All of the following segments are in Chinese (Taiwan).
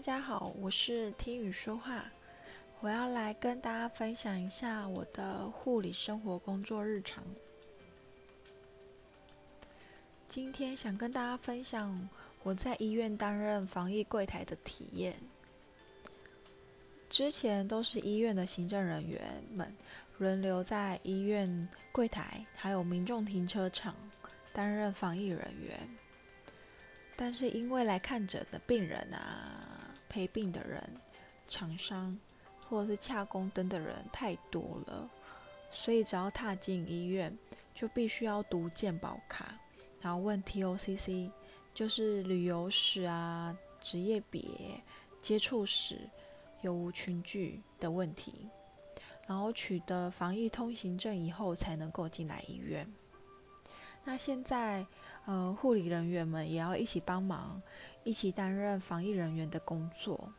大家好，我是聽雨說話。我要來跟大家分享一下我的護理生活工作日常。今天想跟大家分享我在醫院擔任防疫櫃檯的體驗。之前都是醫院的行政人員們輪流在醫院櫃檯還有民眾停車場擔任防疫人員，但是因為來看診的病人啊，陪病的人、廠商或者是洽公等的人太多了，所以只要踏進醫院，就必須要讀健保卡，然後問 TOCC，就是旅遊史啊、職業別、接觸史、有無群聚的問題，然後取得防疫通行證以後，才能夠進來醫院。那現在，呃，護理人員們也要一起幫忙，一起擔任防疫人員的工作。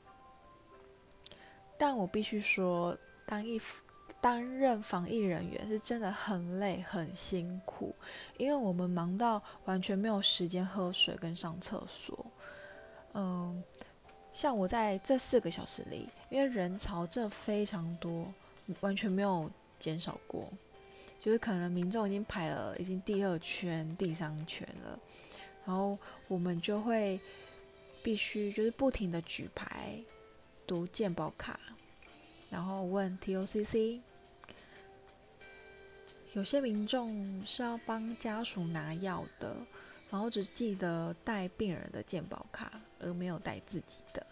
但我必須說，當一，擔任防疫人員是真的很累，很辛苦，因為我們忙到完全沒有時間喝水跟上廁所。嗯，像我在這四個小時裡，因為人潮真的非常多，完全沒有減少過。就是可能民眾已經排了，已經第二圈、第三圈了，然後我們就會必須就是不停的舉牌、讀健保卡，然後問 TOCC，有些民眾是要幫家屬拿藥的，然後只記得帶病人的健保卡，而沒有帶自己的，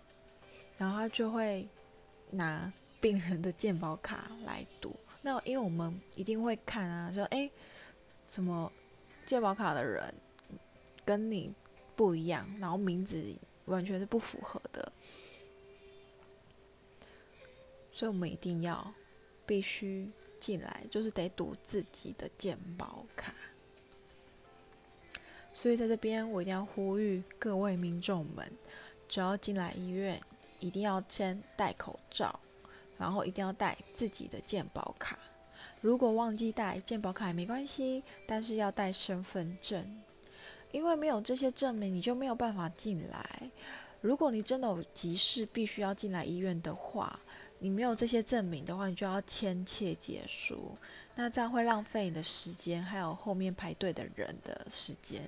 然後他就會拿病人的健保卡來讀。那因為我們一定會看啊說，說、欸、哎，什麼健保卡的人跟你不一樣，然後名字完全是不符合的，所以我們一定要必須進來，就是得讀自己的健保卡。所以在這邊，我一定要呼籲各位民眾們，只要進來醫院，一定要先戴口罩。然後一定要帶自己的健保卡，如果忘記帶健保卡也沒關係，但是要帶身份證，因為沒有這些證明你就沒有辦法進來。如果你真的有急事必須要進來醫院的話，你沒有這些證明的話，你就要簽切結書，那這樣會浪費你的時間，還有後面排隊的人的時間，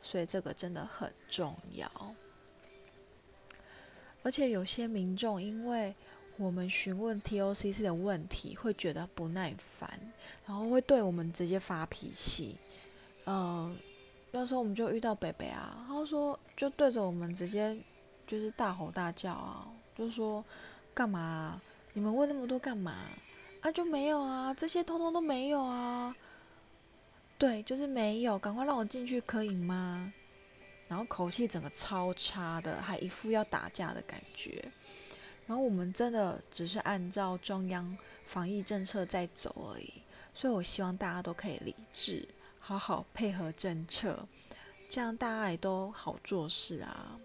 所以這個真的很重要。而且有些民眾因為我們詢問 T O C C 的問題，會覺得不耐煩，然後會對我們直接發脾氣。嗯、呃，那時候我們就遇到北北啊，他說就對着我們直接就是大吼大叫啊，就說幹嘛、啊？你們問那麼多幹嘛？啊，就沒有啊，這些通通都沒有啊。對，就是沒有，趕快讓我進去可以嗎？然後口氣整個超差的，還一副要打架的感覺。然後我們真的只是按照中央防疫政策在走而已，所以我希望大家都可以理智，好好配合政策，這樣大家也都好做事啊。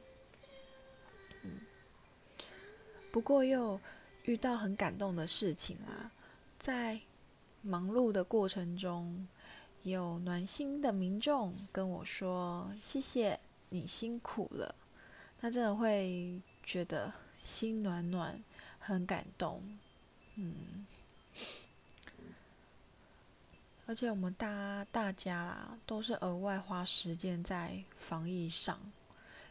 嗯，不過又遇到很感動的事情啊，在忙碌的過程中，有暖心的民眾跟我說：“謝謝你辛苦了。”他真的會覺得。心暖暖，很感動，嗯。而且我們大大家啦，都是額外花時間在防疫上。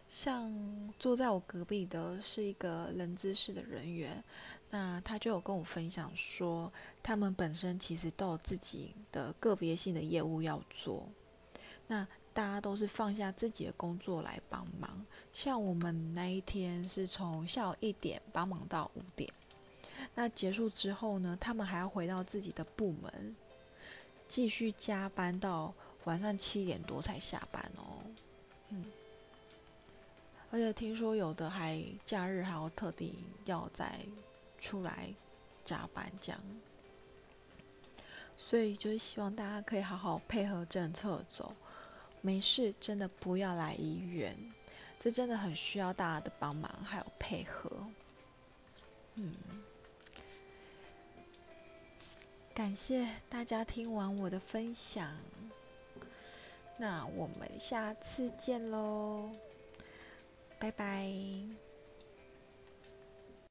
像坐在我隔壁的，是一個人資室的人員，那他就有跟我分享說，他們本身其實都有自己的個別性的業務要做，那。大家都是放下自己的工作來幫忙。像我們那一天是從下午一點幫忙到五點，那結束之後呢，他們還要回到自己的部門繼續加班到晚上七點多才下班哦。嗯，而且聽說有的還假日還要特地要再出來加班，這樣。所以就是希望大家可以好好配合政策走。沒事，真的不要來醫院，這真的很需要大家的幫忙還有配合。嗯，感謝大家聽完我的分享，那我們下次見嘍，拜拜。